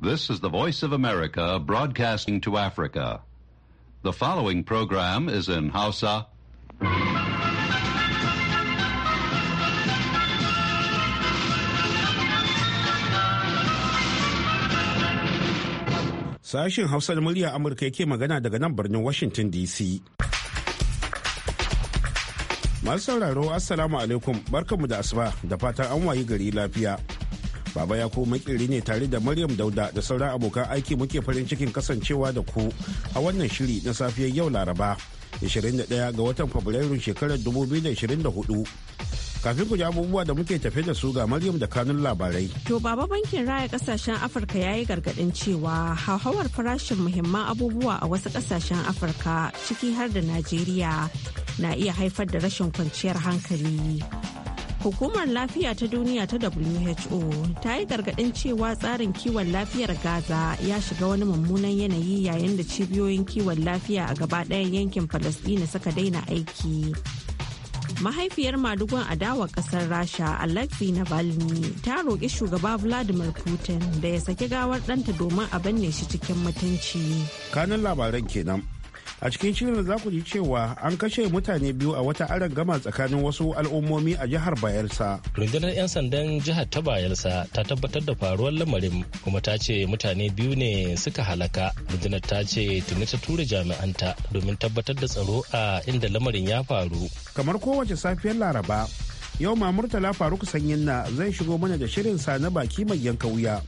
This is the Voice of America broadcasting to Africa. The following program is in Hausa. Sashen Hausa da murya Amurka yake magana daga nan birnin Washington DC. masu sauraro assalamu alaikum barkanmu da asuba da fatan an wayi gari lafiya baba ya ko makiri ne tare da maryam dauda da sauran abokan aiki muke farin cikin kasancewa da ku a wannan shiri na safiyar yau laraba 21 ga watan fabrairun shekarar 2024 kafin ku ji abubuwa da muke tafe da su ga Maryam da kanun labarai. To baba bankin raya kasashen Afirka ya yi gargaɗin cewa hauhawar farashin muhimman abubuwa a wasu kasashen Afirka ciki har da Najeriya na iya haifar da rashin kwanciyar hankali. Hukumar lafiya ta duniya ta WHO ta yi gargaɗin cewa tsarin kiwon lafiyar Gaza ya shiga wani mummunan yanayi yayin da cibiyoyin kiwon lafiya a gaba ɗayan yankin Falasɗina suka daina aiki. mahaifiyar madugun adawa kasar rasha alexei navalny ta roƙi shugaba vladimir putin da ya saki gawar ɗanta domin a binne shi cikin mutunci Kanin labaran kenan a cikin shirin za ku ji cewa an kashe mutane biyu a wata aron gama tsakanin wasu al'ummomi a jihar bayelsa rundunar 'yan sandan jihar ta bayelsa ta tabbatar da faruwar lamarin kuma ta ce mutane biyu ne suka halaka rundunar ta ce tuni ta tura jami'anta domin tabbatar da tsaro a inda lamarin ya faru kamar kowace safiyar laraba yau ma murtala faruk sanyin na zai shigo mana da shirin sa na baki mai yanka wuya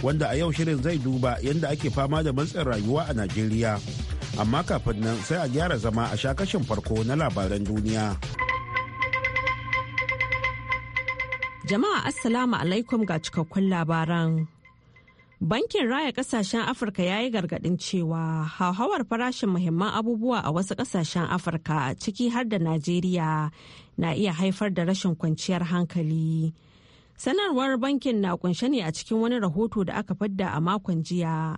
wanda a yau shirin zai duba yadda ake fama da matsin rayuwa a najeriya amma kafin nan sai a gyara zama a shakashin farko na labaran duniya. Jama'a Assalamu alaikum ga cikakkun labaran. Bankin Raya Kasashen Afirka ya yi gargaɗin cewa hauhawar farashin muhimman abubuwa a wasu ƙasashen Afirka ciki har da Najeriya na iya haifar da rashin kwanciyar hankali. Sanarwar bankin na kunshe ne a cikin wani rahoto da aka fadda a makon jiya.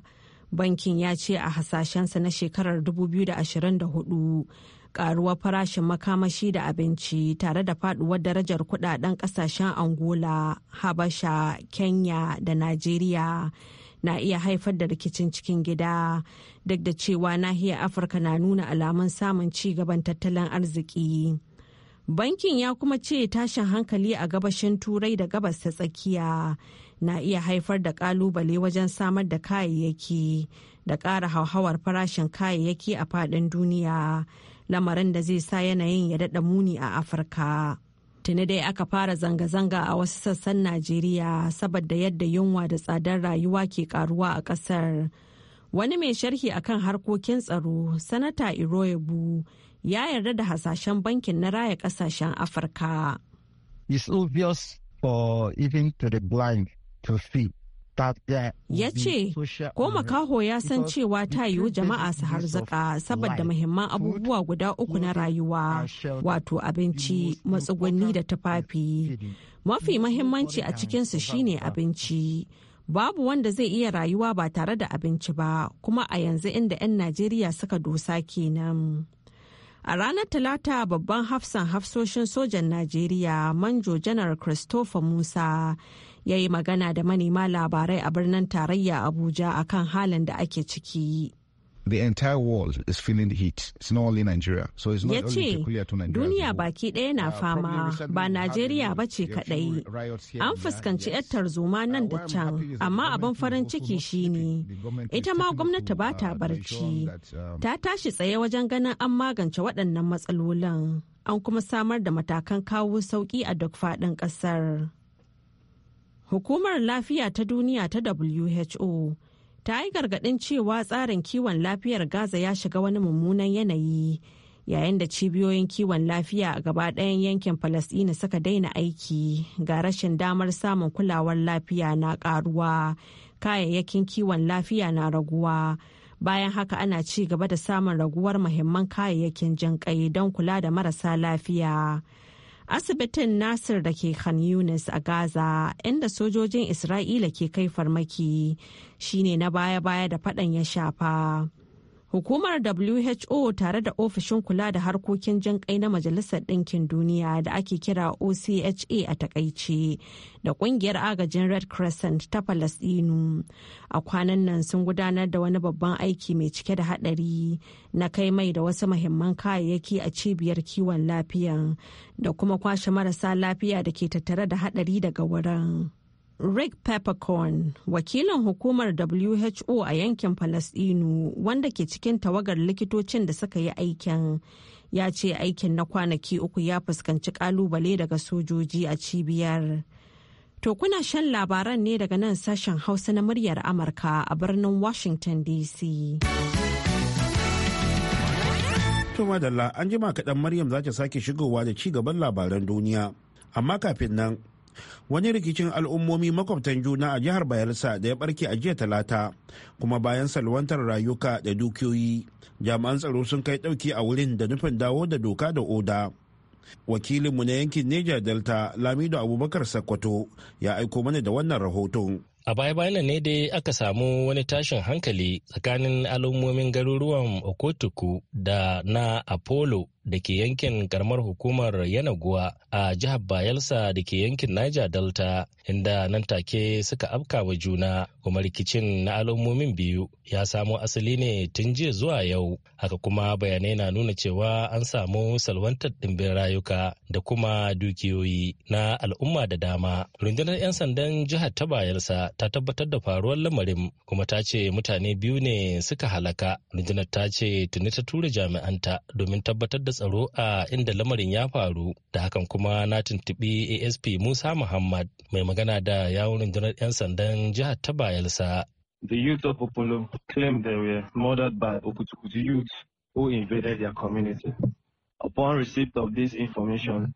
bankin ya ce a hasashensa na shekarar 2024 karuwar farashin makamashi da abinci tare da faduwar darajar kudaden kasashen angola habasha kenya da nigeria na iya haifar da rikicin cikin gida duk da cewa nahiyar afirka na nuna alamun samun ci gaban tattalin arziki bankin ya kuma ce tashin hankali a gabashin turai da gabas ta tsakiya na iya haifar da kalubale wajen samar da kayayyaki da ƙara hauhawar farashin kayayyaki a faɗin duniya lamarin da zai sa yanayin ya daɗa muni a afirka tuni dai aka fara zanga-zanga a wasu sassan najeriya saboda yadda yunwa da tsadar rayuwa ke karuwa a ƙasar wani mai sharhi akan harkokin tsaro sanata iroyabu ya yarda da hasashen bankin na raya kasashen afirka It's obvious for even to the blind Ya ce, ko makaho ya san cewa ta yiwu jama'a su harzuka saboda muhimman abubuwa guda uku na rayuwa, uh, wato abinci, matsugunni da tufafi. Mafi mahimmanci a cikinsu shine abinci. babu wanda zai iya rayuwa ba tare da abinci ba kuma a yanzu inda 'yan najeriya suka dosa kenan a ranar talata babban hafsan hafsoshin sojan najeriya manjo janar christopher musa ya yi magana da manema labarai a birnin tarayya abuja akan halin da ake ciki the entire world is feeling the heat. It's not only Nigeria. So it's not only peculiar to Nigeria. Duniya baki ɗaya na uh, fama ba Najeriya ba ce kaɗai. An fuskanci 'yar tarzoma nan da can, amma abin farin ciki shi ne. ita ma gwamnati ba uh, ta barci. Um, ta tashi tsaye wajen ganin an magance waɗannan matsalolin. An kuma samar da matakan kawo sauƙi a duk faɗin ƙasar. Hukumar Lafiya ta Duniya ta WHO ta yi gargaɗin cewa tsarin kiwon lafiyar Gaza ya shiga wani mummunan yanayi yayin da cibiyoyin kiwon lafiya a gaba ɗayan yankin Falasɗina suka daina aiki ga rashin damar samun kulawar lafiya na ƙaruwa, kayayyakin kiwon lafiya na raguwa. Bayan haka ana ci gaba da samun raguwar muhimman kayayyakin jinƙai don kula da marasa lafiya. asibitin nasir da ke khan yunis a gaza inda sojojin isra'ila ke kai farmaki shine na baya-baya da faɗan ya shafa Hukumar WHO tare da ofishin kula da harkokin jin kai na Majalisar Ɗinkin Duniya da ake kira OCHA a takaice da kungiyar agajin Red Crescent ta Falasɗinu. A kwanan nan sun gudanar da wani babban aiki mai cike da haɗari na kai mai da wasu mahimman kayayyaki a cibiyar kiwon lafiyan, da kuma kwashe marasa lafiya da ke tattare da haɗari daga wurin. Rick Peppercorn, wakilin hukumar WHO a yankin Falasɗinu wanda ke cikin tawagar likitocin da suka yi aikin, ya ce aikin na kwanaki uku ya fuskanci kalubale daga sojoji a cibiyar. To kuna shan labaran ne daga nan sashen Hausa na muryar Amurka a birnin Washington DC. To madalla an jima kaɗan Maryam za ta sake shigowa da ci gaban labaran duniya, amma kafin nan wani rikicin al'ummomi makwabtan juna a jihar bayelsa da ya barke a jiya talata kuma bayan salwantar rayuka da dukiyoyi jami'an tsaro sun kai dauki a wurin da nufin dawo da doka da oda wakilinmu na yankin neja delta lamido abubakar sakkwato ya aiko mana da wannan rahoton a baya-bayan ne dai aka samu wani tashin hankali tsakanin al'ummomin garuruwan okotuku da na apollo da ke yankin karamar hukumar Yanaguwa a jihar Bayelsa da ke yankin Niger Delta inda nan take suka afka wa juna kuma rikicin na al'ummomin biyu ya samo asali ne tun jiya zuwa yau haka kuma bayanai na nuna cewa an samu salwantar ɗimbin rayuka da kuma dukiyoyi na al'umma da dama. Rundunar 'yan sandan jihar ta Bayelsa ta tabbatar da faruwar lamarin kuma ta ce mutane biyu ne suka halaka. Rundunar ta ce tuni ta tura jami'anta domin tabbatar da tsaro a inda lamarin ya faru da hakan kuma na tuntuɓi asp musa muhammad mai magana da yawon rundunar 'yan sandan jihar ta bayelsa The youth of Opolo claimed they were murdered by Okutukutu youth who invaded their community. Upon receipt of this information,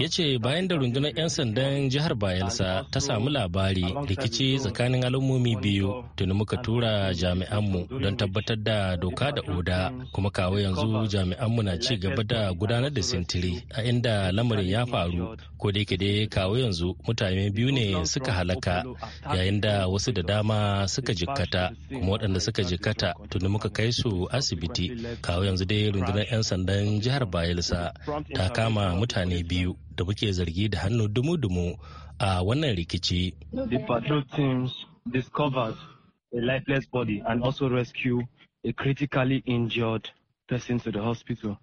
ya ce bayan da rundunar 'yan sandan jihar bayelsa ta samu labari rikici tsakanin al'ummomi biyu tuni muka tura jami'anmu don tabbatar da doka da oda kuma kawo yanzu jami'anmu na ci gaba da gudanar da sintiri a inda lamarin ya faru ko da yake dai kawo yanzu mutane biyu ne suka halaka yayin da wasu da dama suka jikkata kuma waɗanda suka jikkata tuni muka kai su asibiti kawo yanzu dai rundunar 'yan sandan jihar bayelsa ta kama mutane mutane biyu da muke zargi da hannu dumu-dumu a wannan rikici. The patrol teams discovered a lifeless body and also rescue a critically injured person to the hospital.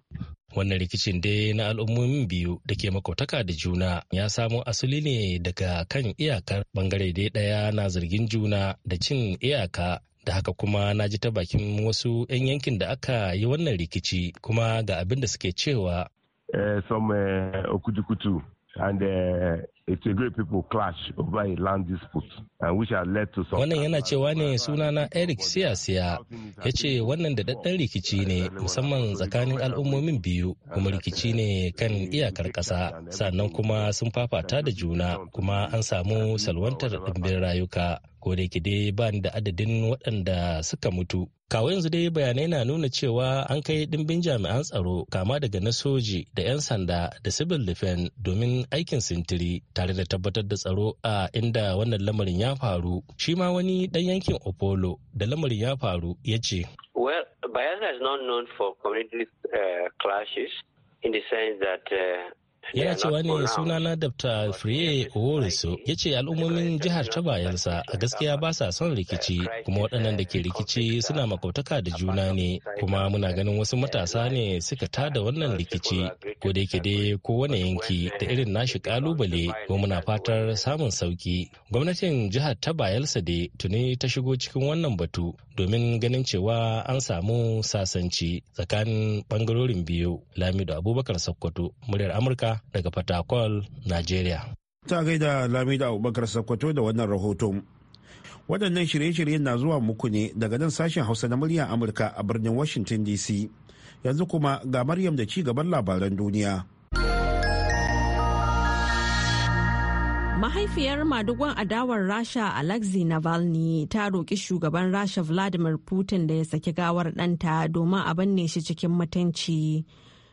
Wannan rikicin dai na al'ummomin biyu da ke makautaka da juna ya samo asali ne daga kan iyakar bangare dai ɗaya na zargin juna da cin iyaka da haka kuma na ji ta bakin wasu 'yan yankin da aka yi wannan rikici kuma ga abin da suke cewa uh, some uh, eh, Okutukutu and uh, great people clash over a land dispute and which has led to some Wannan yana cewa ne sunana Eric Siyasiya ya ce wannan da daddan rikici ne musamman tsakanin al'ummomin biyu kuma rikici ne kan iyakar kasa sannan kuma sun fafata da juna kuma an samu salwantar ɗimbin rayuka ko da yake dai ba da adadin waɗanda suka mutu kawo yanzu dai bayanai na nuna cewa an kai ɗimbin jami'an tsaro kama daga na soji da 'yan sanda da civil defense domin aikin sintiri tare da tabbatar da tsaro a inda wannan lamarin ya faru shi ma wani ɗan yankin opolo da lamarin ya faru ya ce well bayelsa is not known for community uh, clashes in the sense that uh, yana cewa ne sunana dabta friye oworiso ya ce al'ummomin jihar ta bayansa a gaskiya ba sa son rikici kuma waɗannan da ke rikici suna makautaka da juna ne kuma muna ganin wasu matasa ne suka tada wannan rikici ko da yake dai ko wani yanki da irin nashi kalubale ko muna fatar samun sauki gwamnatin jihar ta bayelsa dai tuni ta shigo cikin wannan batu domin ganin cewa an samu sasanci tsakanin bangarorin biyu lamido abubakar sokoto muryar amurka Amurka daga Fatakwal, Najeriya. Ta gaida Lamida Abubakar Sokoto da wannan rahoton. Waɗannan shirye-shiryen na zuwa muku ne daga nan sashen Hausa na muryar Amurka a birnin Washington DC. Yanzu kuma ga Maryam da ci gaban labaran duniya. Mahaifiyar madugon adawar Rasha Alexei Navalny ta roƙi shugaban Rasha Vladimir Putin da ya saki gawar ɗanta domin a banne shi cikin mutunci.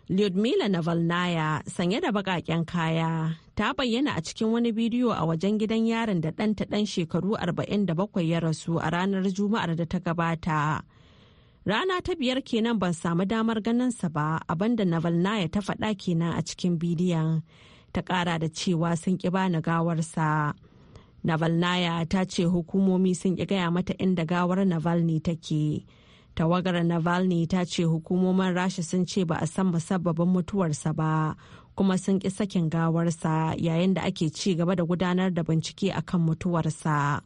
Lyudmila Navalnaya sanye da bakaken kaya ta bayyana a cikin wani bidiyo a wajen gidan yarin da ɗanta ɗan shekaru 47 ya rasu a ranar Juma'ar da ta gabata. Rana ta biyar kenan ban samu damar ganin sa ba abinda Navalnaya ta faɗa kenan a cikin bidiyon. Ta ƙara da cewa sun ƙi bani gawarsa. Navalnaya ta ce hukumomi sun ƙi gaya mata inda gawar Navalny take. tawagar navalny ta ce hukumomin rasha sun ce ba a san musabbabin mutuwarsa ba kuma sun ƙi sakin gawarsa yayin da ake ci gaba da gudanar da bincike akan mutuwarsa.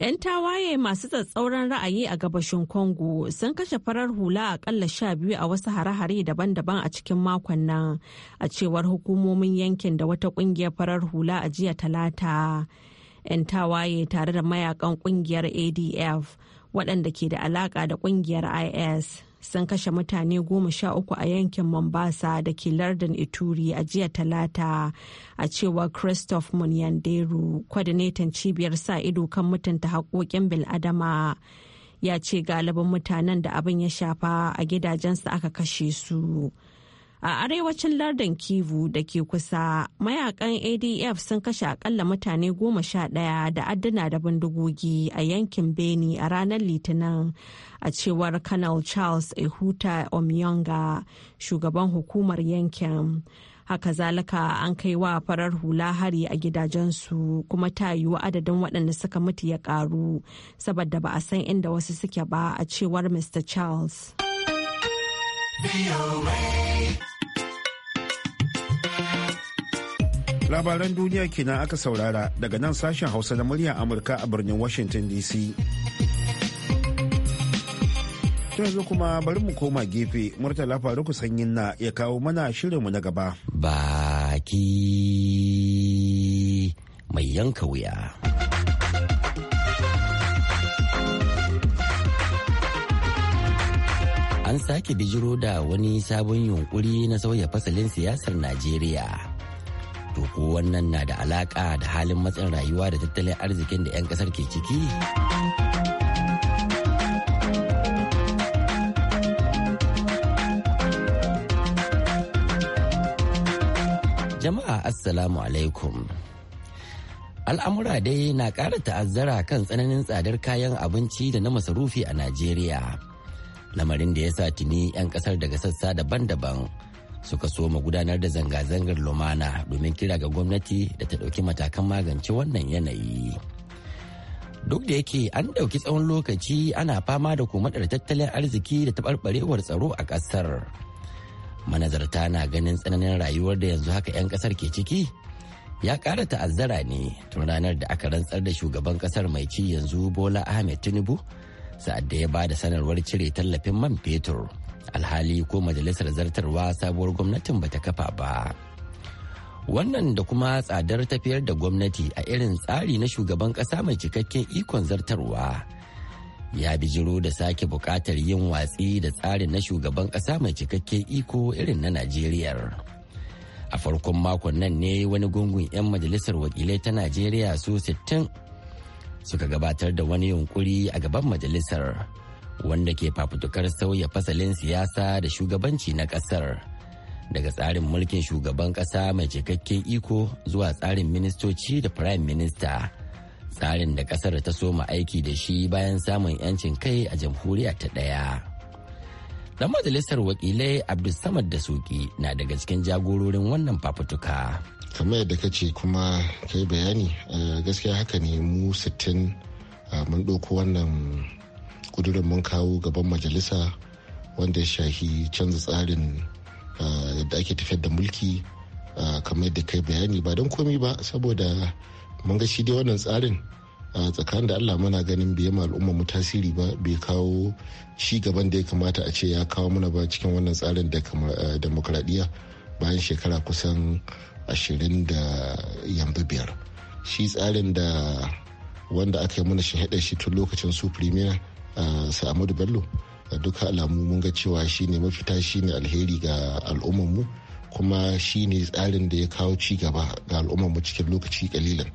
'Yan tawaye masu tsatsauran ra'ayi a gabashin Congo sun kashe farar hula akalla sha biyu a wasu hare-hare daban-daban a cikin makon nan, a cewar hukumomin yankin da wata kungiyar farar hula a jiya talata. 'Yan tawaye tare da mayakan kungiyar ADF waɗanda ke da alaƙa da ƙungiyar is sun kashe mutane goma sha uku a yankin mombasa da ke lardin ituri a jiya talata a cewar christoph munyanderu kwadinetan cibiyar sa ido kan mutunta haƙoƙin bil'adama ya ce galibin mutanen da abin ya shafa a gidajensu aka kashe su. a arewacin lardin kivu da ke kusa mayakan adf sun kashe akalla mutane goma sha ɗaya da adduna da bindigogi a yankin beni a ranar litinin a cewar kanal charles ehuta omionga shugaban hukumar yankin haka zalika an kai wa farar hula hari a gidajensu kuma ta wa adadin waɗanda suka mutu ya ƙaru saboda ba a san inda wasu suke ba a cewar mr charles labaran duniya kenan aka saurara daga nan sashen hausa na murya amurka a birnin washington dc yanzu kuma bari mu koma gefe murtala faru sanyin na ya kawo mana shirinmu na gaba baki mai yanka wuya an sake bijiro da wani sabon yunkuri na sauya fasalin siyasar najeriya to ko wannan na da alaka da halin matsin rayuwa da tattalin arzikin da 'yan kasar ke ciki jama'a assalamu alaikum al'amura dai na ƙara ta'azzara kan tsananin tsadar kayan abinci da na masarufi a najeriya lamarin da ya sa tuni 'yan kasar daga sassa daban-daban suka so mu gudanar da zanga-zangar lumana domin kira ga gwamnati da ta ɗauki matakan magance wannan yanayi duk da yake an ɗauki tsawon lokaci ana fama da komadar tattalin arziki da taɓarɓarewar tsaro a ƙasar manazarta na ganin tsananin rayuwar da yanzu haka 'yan ƙasar ke ciki ya ƙara ta'azzara ne tun ranar da aka rantsar da shugaban ƙasar mai ci yanzu bola ahmed tinubu sa'ad da ya ba da sanarwar cire tallafin man fetur alhali ko majalisar zartarwa sabuwar gwamnatin bata kafa ba wannan da kuma tsadar tafiyar da gwamnati a irin tsari na shugaban ƙasa mai cikakken ikon zartarwa ya bijiro da sake buƙatar yin watsi da tsarin na shugaban ƙasa mai cikakken iko irin na najeriya a farkon makon nan ne wani gungun 'yan majalisar wakilai ta najeriya su 60 suka gabatar da wani yunkuri a gaban majalisar wanda ke fafutukar sauya fasalin siyasa da shugabanci na kasar daga tsarin mulkin shugaban kasa mai cikakken iko zuwa tsarin ministoci da prime minister tsarin da kasar ta soma aiki da shi bayan samun 'yancin kai a jamhuriya ta ɗaya. Dan majalisar wakilai Abdulsamad da Suki na daga cikin jagororin wannan fafutuka. Kamar yadda ka ce kuma kai bayani eh, gaskiya haka ne mu sittin ah, mun ɗauko wannan kudurin mun kawo gaban majalisa wanda ya shahi canza tsarin ah, yadda ake tafiyar da mulki ah, kamar yadda kai bayani ba don komi ba saboda mun ga shi dai wannan tsarin ah, tsakanin da allah muna ganin bai ma al'umma mu tasiri ba bai kawo shi gaban da ya kamata a ce ya kawo muna ba cikin wannan tsarin da demokradiyya bayan shekara kusan ashirin da yanzu biyar shi tsarin da wanda aka yi mana shahada shi tun lokacin su premier Amadu Bello duka alamu mun ga cewa shine mafita shi ne alheri ga al'ummarmu kuma shi ne tsarin da ya kawo ci gaba ga al'ummarmu cikin lokaci kalilan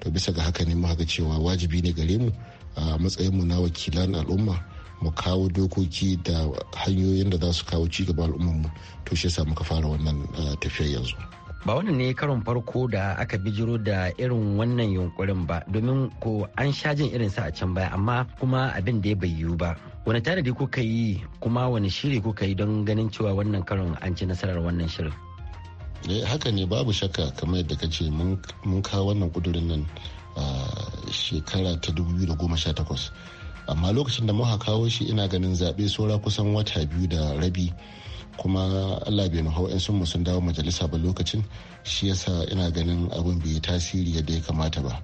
to bisa ga haka ne muka ga cewa wajibi ne gare mu a matsayinmu na wakilan al'umma mu kawo dokoki da hanyoyin da za su kawo ci gaba al'ummarmu to shi yasa muka fara wannan tafiyar yanzu. ba wannan ne karon farko da aka bijiro da irin wannan yunkurin ba domin ko an sha jin irin sa a can baya amma kuma abin da ya bai yiwu ba wani tanadi kuka yi kuma wani shiri kuka yi don ganin cewa wannan karon an ci nasarar wannan shirin eh, haka ne babu shakka kamar yadda ka ce mun kawo wannan kudurin nan a shekara ta 2018 amma lokacin da muka kawo shi ina ganin zaɓe saura kusan wata biyu da rabi kuma allah bai hau in sun sun dawo majalisa ba lokacin shi yasa ina ganin abin bai tasiri yadda ya kamata ba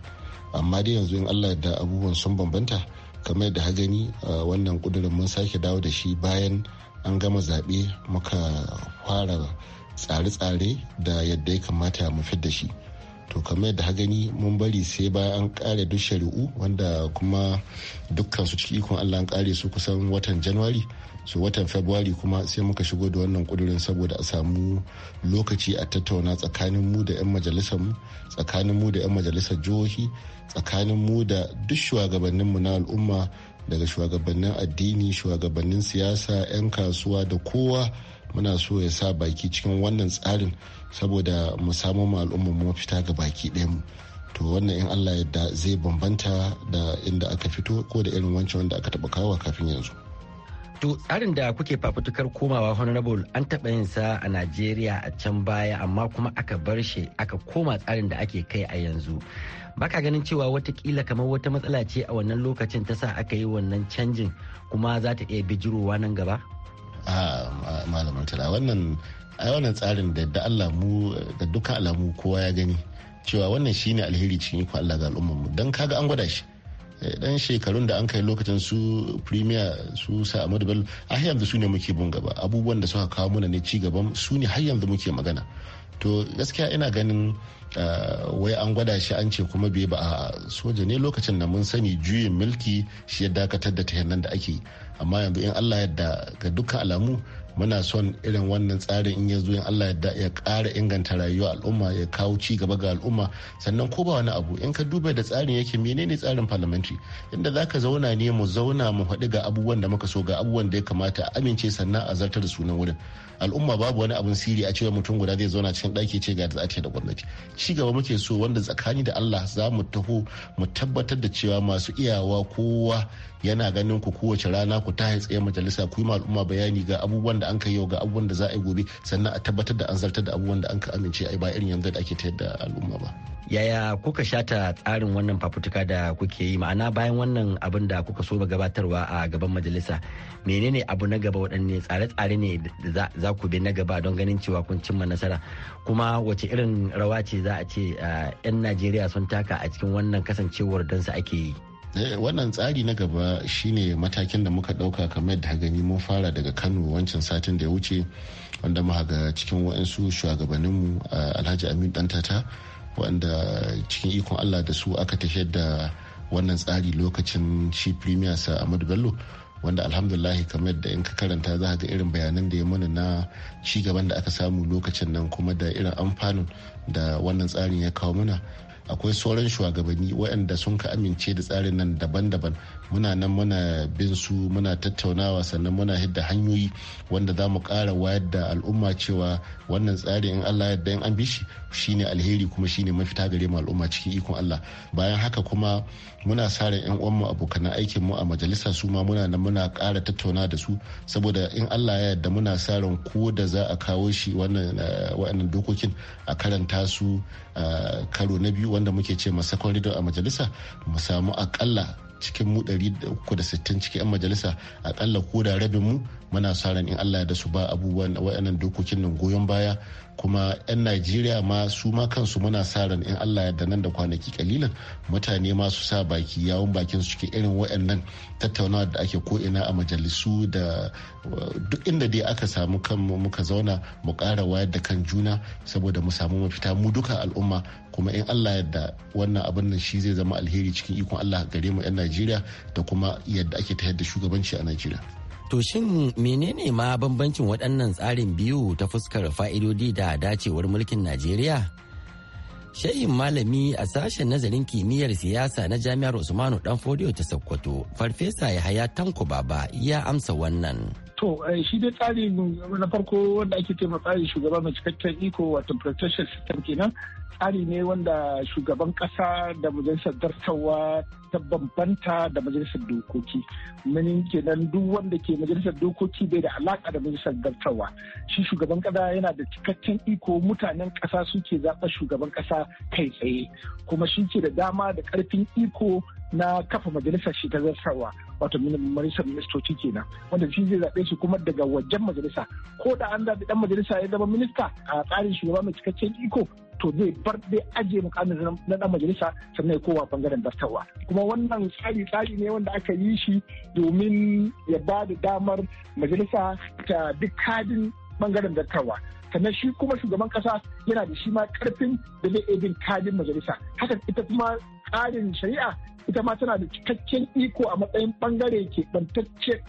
amma dai yanzu in allah da abubuwan sun bambanta kamar yadda ha gani wannan kudurin mun sake dawo da shi bayan an gama zaɓe muka fara tsare-tsare da yadda ya kamata mu da shi. to kamar da ha gani mun bari sai bayan an kare duk shari'u wanda kuma dukkan su cikin ikon allah an kare su kusan watan januwari su watan february kuma sai muka shigo da wannan kudurin saboda a samu lokaci a tattauna tsakanin mu da 'yan majalisar mu tsakanin mu da 'yan majalisar jihohi tsakanin mu da duk shugabannin mu na al'umma daga shugabannin addini shugabannin siyasa 'yan kasuwa da kowa muna so ya sa baki cikin wannan tsarin saboda mu samu ma al'umma mu mafita ga baki ɗaya mu to wannan in Allah yadda zai bambanta da inda aka fito ko da irin wancan wanda aka taɓa kawo kafin yanzu. To tsarin da kuke fafutukar komawa honorable an taba yin sa a Najeriya a can baya amma kuma aka bar shi aka koma tsarin da ake kai a yanzu. Baka ganin cewa wata kila kamar wata matsala ce a wannan lokacin ta sa aka yi wannan canjin kuma za ta iya bijirowa nan gaba? Ah, a malamar tala wannan ai wannan tsarin da da Allah da dukkan alamu kowa ya gani cewa wannan shine alheri cikin iko Allah ga al'ummar mu dan kaga an gwada shi eh, dan shekarun da an kai lokacin su premier su sa Ahmadu Bello a yanzu su ne muke bin gaba abubuwan da suka kawo mana ne ci gaban su ne har yanzu muke magana to gaskiya ina ganin eh, wai an gwada shi an ce kuma bai ba a soja ne lokacin da mun sani juyin mulki shi ya dakatar da ta da ake amma yanzu in Allah yadda ga dukkan alamu muna son irin wannan tsarin in ya zo in Allah ya ƙara inganta rayuwa al'umma ya kawo ci gaba ga al'umma sannan ko ba wani abu in ka duba da tsarin yake menene tsarin parliamentary inda za ka zauna ne mu zauna mu haɗu ga abubuwan da muka so ga abubuwan da ya kamata a amince sannan a zartar da sunan wurin al'umma babu wani abin siri a cewa mutum guda zai zauna cikin ɗaki ce ga za da gwamnati ci gaba muke so wanda tsakani da Allah za mu taho mu tabbatar da cewa masu iyawa kowa yana ganin ku kowace rana ku ta tsaye majalisa ku yi al'umma bayani ga abubuwan da an kai yau ga abubuwan da za a yi gobe sannan a tabbatar da an zartar da abubuwan da an ka amince a ba irin yanzu da ake tayar da al'umma ba. Yaya kuka shata tsarin wannan fafutuka da kuke yi ma'ana bayan wannan abin da kuka so gabatarwa a gaban majalisa menene abu na gaba waɗanne tsare-tsare ne da za ku bi na gaba don ganin cewa kun cimma nasara kuma wace irin rawa ce za a ce ah, 'yan Najeriya sun taka a cikin wannan kasancewar dansa ake yi. Eh, wannan tsari na gaba shine matakin da muka dauka kamar yadda gani mun fara daga kano wancan satin da ya wuce wanda mu ga cikin wa'ansu shugabanninmu eh, alhaji amin dantata wanda cikin ikon allah da su aka tafiyar da wannan tsari lokacin shi premier sa ahmadu bello wanda alhamdulahi kamar da in ka karanta za ga irin bayanan da ya mana na cigaban da aka samu lokacin nan kuma da irin amfanin da wannan tsarin ya kawo mana akwai sauran shugabanni waɗanda sun ka amince da tsarin nan daban-daban muna nan muna bin su muna tattaunawa sannan muna hidda hanyoyi wanda za mu ƙara wayar da al'umma cewa wannan tsari in Allah yadda in an bi shi shine alheri kuma shine mafita gare mu al'umma cikin ikon Allah bayan haka kuma muna sa ran yan mu abokan aikin mu a majalisa su ma muna nan muna kara tattauna da su saboda in Allah ya yadda muna sa ran ko da za a kawo shi wannan eh, dokokin a karanta su eh, karo na biyu wanda muke ce masakon rido a majalisa mu samu akalla cikin mu 360 cikin 'yan majalisa akalla ko da rabin mu muna sa ran in Allah da su ba abubuwan waɗannan dokokin nan goyon baya kuma 'yan Najeriya ma su ma kansu muna sa ran in Allah da nan da kwanaki kalilan mutane ma su sa baki yawon bakin su cikin irin waɗannan tattaunawa da ake ko ina a majalisu da uh, duk inda dai aka samu kan muka zauna mu ƙara wayar da kan juna saboda mu samu mafita mu duka al'umma kuma in allah yadda wannan abin nan shi zai zama alheri cikin ikon allah gare mu 'yan najeriya da kuma yadda ake ta yadda shugabanci a najeriya To shin menene ma bambancin waɗannan tsarin biyu ta fuskar fa'idodi da dacewar mulkin Najeriya? Shehin malami a sashen nazarin kimiyyar siyasa na jami'ar Usmanu Danfodiyo ta Sokoto, Farfesa ya haya Tanko Baba ya amsa wannan. To eh, shi dai tsari na farko wanda ake ce tsari shugaba mai cikakken iko wato protection system kenan tsari ne wanda shugaban kasa da majalisar dartawa ta bambanta da majalisar dokoki mini kenan duk wanda ke majalisar dokoki bai da alaka da majalisar dartawa shi shugaban kasa yana da cikakken iko mutanen kasa suke zaɓa shugaban kasa kai tsaye kuma shi ke da dama da karfin iko na kafa majalisar shi ta zartarwa wato majalisar ministoci kenan wanda shi zai zaɓe shi kuma daga wajen majalisa ko da an zaɓi ɗan majalisa ya zama minista a tsarin shugaba mai cikakken iko to zai bar dai ajiye mukamin na dan majalisa sannan ya kowa bangaren dastarwa kuma wannan tsari tsari ne wanda aka yi shi domin ya ba da damar majalisa ta duk kadin bangaren dattawa. sannan shi kuma shugaban kasa yana da shi ma karfin da zai iya bin kadin majalisa haka ita kuma tsarin shari'a ita ma tana da cikakken iko a matsayin bangare keɓantaccen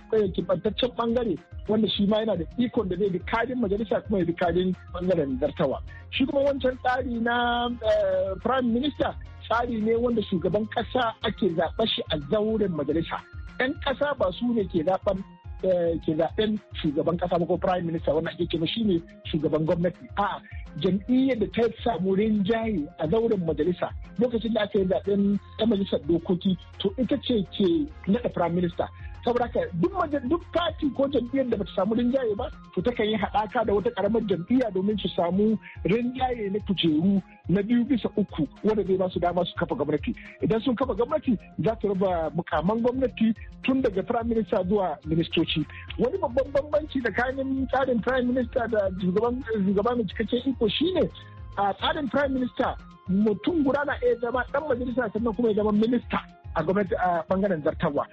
eh, bangare wanda shi ma yana da ikon da zai bi kadin majalisa kuma ya bi kadin bangaren zartawa shi kuma wancan tsari na eh, prime minister tsari ne wanda shugaban kasa ake zaɓa shi a zauren majalisa 'yan kasa ba su ne ke zaɓan. Eh, ke zaben shugaban kasa ko prime minister wannan ake kima shine shugaban gwamnati a jam'iyyar da ta samu rinjaye a zauren majalisa lokacin da aka yi zaben ta majalisar dokoki to ita ce ke nada prime minister saboda haka duk duk fati ko jam'iyyar da bata samu rinjaye ba to takan yi haɗaka da wata karamar jam'iyya domin su samu rinjaye na kujeru na biyu bisa uku wanda zai ba su dama su kafa gwamnati idan sun kafa gwamnati za su raba mukaman gwamnati tun daga prime minister zuwa ministoci wani babban bambanci tsakanin tsarin prime minister da shugaban cikakken iko shine a tsarin prime minister mutum guda na iya zama dan majalisa sannan kuma ya zama minista a gwamnati a bangaren zartarwa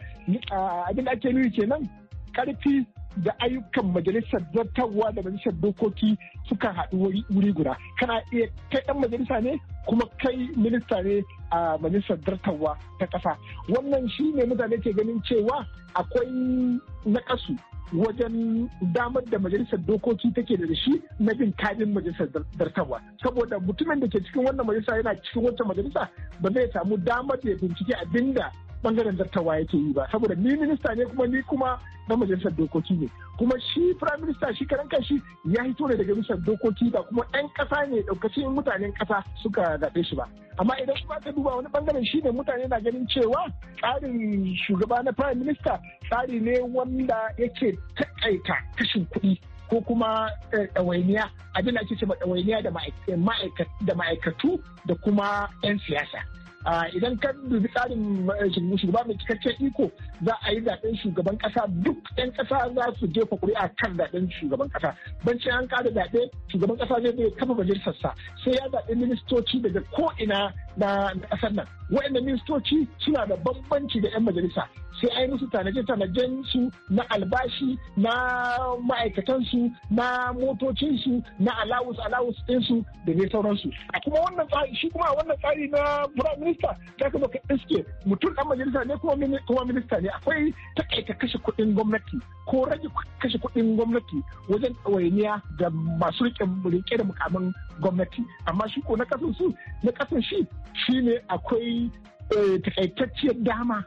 abin da ake nuni kenan karfi da ayyukan majalisar zartarwa da majalisar dokoki suka haɗu wuri guda kana iya kai ɗan majalisa ne kuma kai minista ne a majalisar dartawa ta ƙasa wannan shi ne mutane ke ganin cewa akwai nakasu wajen damar da majalisar dokoki take da shi na bin kajin majalisar dartawa. saboda mutumin da ke cikin wannan majalisa yana cikin wata majalisa ba zai samu damar da bincike abinda bangaren dattawa yake yi ba saboda ni minista ne kuma ni kuma na majalisar dokoki ne kuma shi prime minister shi karan kanshi ya hito ne daga majalisar dokoki ba kuma yan kasa ne daukacin mutanen kasa suka zaɓe shi ba amma idan kuma ka duba wani bangaren shi ne mutane na ganin cewa tsarin shugaba na prime minister tsari ne wanda yake takaita kashin kuɗi ko kuma eh, ɗawainiya abin da ake ce ɗawainiya da ma'aikatu da kuma 'yan siyasa idan ka dubi tsarin eh, shugaba mai cikakken iko za a yi zaben shugaban kasa duk 'yan kasa za su jefa kuri'a kan zaben shugaban kasa bancin an kada zaɓe shugaban kasa zai zai kafa majalisarsa sai ya zaɓi ministoci daga ko ina na kasar nan waɗanda ministoci suna da bambanci da 'yan majalisa sai a yi musu tanaje-tanajen su na albashi na ma'aikatansu na motocinsu na alawus alawus ɗinsu da dai sauransu a kuma wannan tsari shi kuma wannan tsari na minista za ka ka iske mutum ɗan majalisa ne kuma minista ne akwai takaita kashe kuɗin gwamnati ko rage kashe kuɗin gwamnati wajen ɗawainiya da masu riƙe da mukamin gwamnati amma shi ko na kasan su na kasan shi shine akwai eh, takaitacciyar dama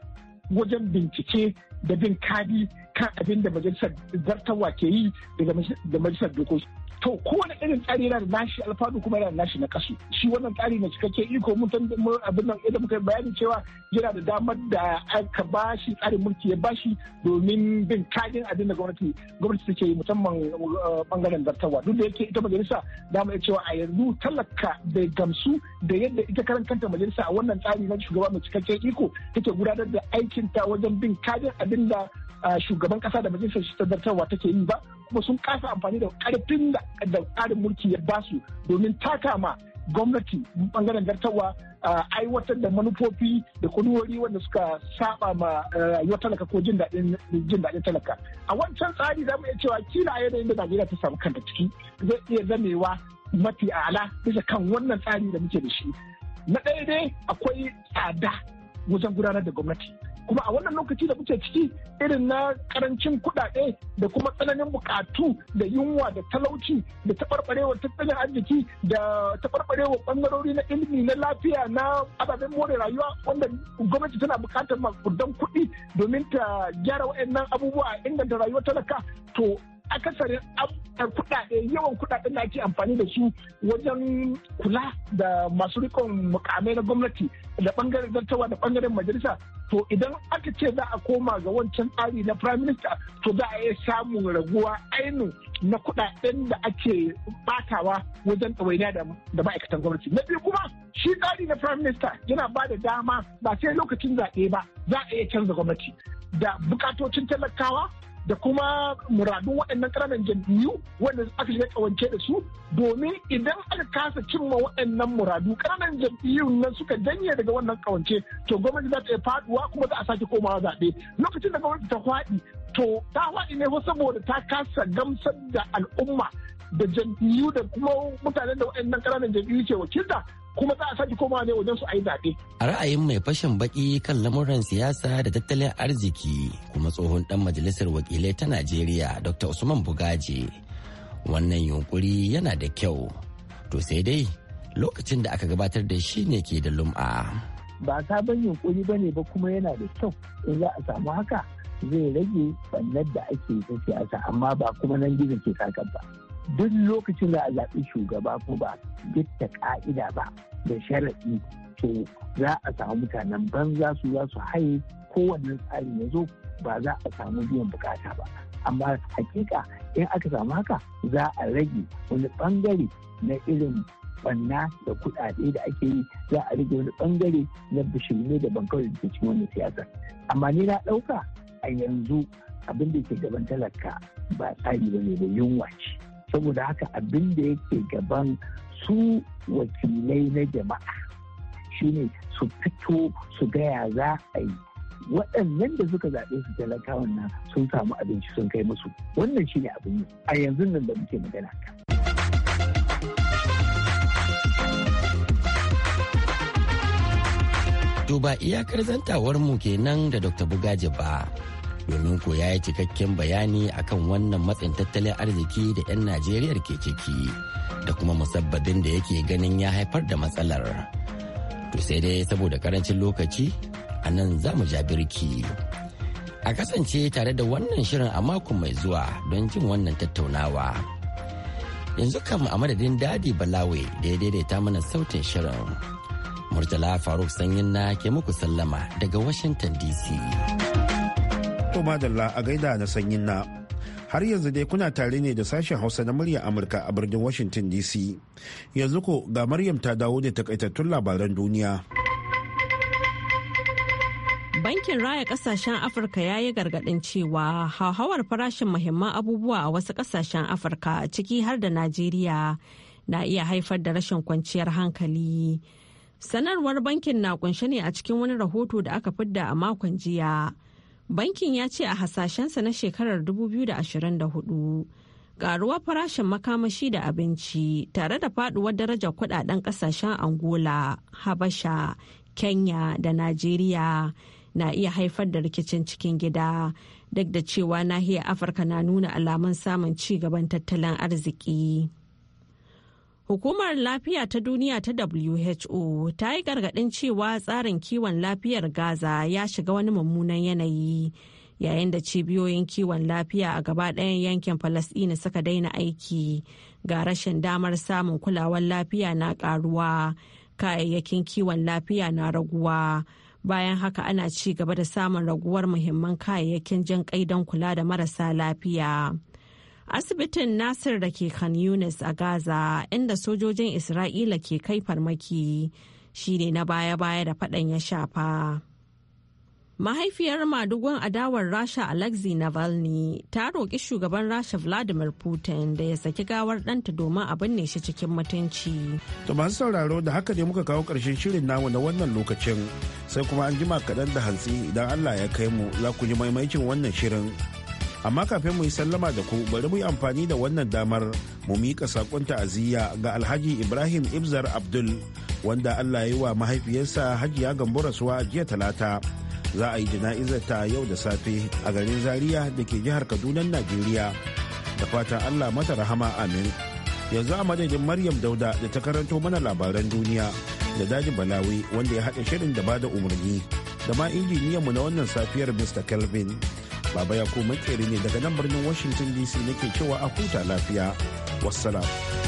wajen bincike da bin kadi kan abin da majalisar zartarwa ke yi daga majalisar dokoki. to kowane irin tsari yana da nashi alfanu kuma yana da nashi na kasu shi wannan tsari na cikakken iko mun san abin nan idan muka bayani cewa yana da damar da aka bashi tsarin mulki ya bashi domin bin kajin abin da gwamnati gwamnati take yi musamman bangaren uh, zartarwa duk da yake ita majalisa dama cewa a yanzu talaka bai gamsu da yadda ita karan kanta majalisa a wannan tsari na shugaba mai cikakken iko take gudanar da aikin ta wajen bin kajin abin da uh, shugaban kasa da majalisar shi ta zartarwa take yi ba kuma sun kasa amfani da karfin da tsarin mulki ya basu domin taka ma gwamnati bangaren gartawa aiwatar da manufofi da kudurori wanda suka saba ma rayuwar talaka ko jin daɗin talaka a wancan tsari za mu iya cewa kila yanayin da najeriya ta samu kanta ciki zai iya zamewa mafi ala bisa kan wannan tsari da muke da shi na ɗaya dai akwai tsada wajen gudanar da gwamnati kuma a wannan lokaci da muke ciki irin na karancin kuɗaɗe da kuma tsananin bukatu da yunwa da talauci da taɓarɓarewar tattalin arziki da taɓarɓarewar ɓangarori na ilimi na lafiya na ababen more rayuwa wanda gwamnati tana buƙatar makudan kuɗi domin ta gyara waɗannan abubuwa inganta rayuwar talaka to akasarin kuɗaɗe yawan kuɗaɗen da ake amfani da su wajen kula da masu rikon mukamai na gwamnati da bangaren zartawa da bangaren majalisa to idan aka ce za a koma ga wancan tsari na prime minister to za a iya samun raguwa ainu na kudaden da ake batawa wajen ɗawainiya da ma'aikatan gwamnati na biyu kuma shi tsari na prime minister yana ba da dama ba sai lokacin zaɓe ba za a iya canza gwamnati da bukatocin talakawa da kuma muradun waɗannan ƙananan jam'iyyu wanda aka shiga ƙawance da su domin idan aka kasa cimma waɗannan muradu ƙananan jam'iyyu nan suka janye daga wannan ƙawance to gwamnati za ta iya faduwa kuma za a sake komawa zaɓe lokacin da gwamnati ta faɗi to ta faɗi ne saboda ta kasa gamsar da al'umma da jam'iyyu da kuma mutanen da waɗannan ƙananan jam'iyyu ke wakilta kuma za a sake koma ne wajen su a yi zaɓe. A ra'ayin mai fashin baki kan lamuran siyasa da tattalin arziki kuma tsohon ɗan majalisar wakilai ta Najeriya Dr. Usman Bugaje. Wannan yunkuri yana da kyau. To sai dai lokacin da aka gabatar da shi ne ke da lum'a. Ba sabon yunkuri ba ne ba kuma yana da kyau in za a samu haka zai rage bannar da ake ta siyasa amma ba kuma nan gizo ke sakan ba. duk lokacin da a zaɓi shugaba ko ba gitta ƙa'ida ba da sharaɗi to za a samu mutanen banza su za su haye kowanne tsari ya zo ba za a samu biyan bukata ba amma hakika in aka samu haka za a rage wani bangare na irin banna da kuɗaɗe da ake yi za a rage wani bangare na bishirme da bankawar da ke cikin wani siyasar amma ni na ɗauka a yanzu abin da ke gaban talaka ba tsari ba ne da yunwa ce saboda haka abin da yake gaban su wakilai na jama'a shine su fito su gaya za a yi waɗannan da suka zaɓe su talakawan nan sun samu abinci sun kai musu wannan shine abin yi a yanzu nan da muke magana To ba iyakar zantawar mu kenan da Dr. Bugaje ba. domin ko ya yi cikakken bayani akan wannan matsin tattalin arziki da 'yan najeriya ke ciki da kuma musabbabin da yake ganin ya haifar da matsalar to sai dai saboda karancin lokaci a nan za mu ja birki a kasance tare da wannan shirin a mako mai zuwa don jin wannan tattaunawa yanzu kam a madadin dadi balawe da ya daidaita mana sautin shirin murtala faruk sanyin na ke muku sallama daga washington dc da la a gaida na sanyin na. Har yanzu dai kuna tare ne da sashen Hausa na murya Amurka a birnin Washington DC. Yanzu ko ga Maryam ta dawo da takaitattun labaran duniya. Bankin Raya Kasashen Afirka ya yi gargaɗin cewa hauhawar farashin muhimman abubuwa a wasu kasashen Afirka ciki har da Najeriya na iya haifar da rashin kwanciyar hankali. Sanarwar bankin na kunshe ne a cikin wani rahoto da aka fidda a makon jiya. bankin ya ce a hasashensa na shekarar 2024 karuwar farashin makamashi da abinci tare da faduwar darajar kudaden kasashen angola habasha kenya da najeriya na iya haifar da rikicin cikin gida duk da cewa nahiyar afirka na nuna alamun samun ci gaban tattalin arziki. Hukumar Lafiya ta Duniya ta WHO ta yi gargaɗin cewa tsarin kiwon lafiyar Gaza ya shiga wani mummunan yanayi yayin da cibiyoyin kiwon lafiya a gaba ɗayan yankin Falasɗina suka daina aiki ga rashin damar samun kulawar lafiya na ƙaruwa, kayayyakin kiwon lafiya na raguwa. Bayan haka ana ci gaba da samun raguwar muhimman kayayyakin jin don kula da marasa lafiya. asibitin nasir da ke kan yunis a gaza inda sojojin isra'ila ke kai farmaki shi ne na baya-baya da faɗan ya shafa mahaifiyar madugun adawar rasha alexei navalny ta roƙi shugaban rasha vladimir putin da ya saki gawar ɗanta domin a binne shi cikin mutunci to masu sauraro da haka ne muka kawo ƙarshen shirin namu na wannan lokacin sai kuma an jima kaɗan da hantsi idan allah ya kai mu za ku ji maimakin wannan shirin amma kafin mu yi sallama da ku bari mu yi amfani da wannan damar mu miƙa saƙon ta'aziyya ga alhaji ibrahim ibzar abdul wanda allah yi wa mahaifiyarsa hajiya gambo rasuwa jiya talata za a yi jana'izar ta yau da safe a garin zaria da ke jihar kaduna najeriya da fatan allah mata rahama amin yanzu a madadin maryam dauda da ta karanto mana labaran duniya da daji balawi wanda ya haɗa shirin da ba da umarni da ma injiniyanmu na wannan safiyar mr kelvin Baba ya ko makere ne daga nan birnin Washington DC nake cewa a huta lafiya. Wassalam.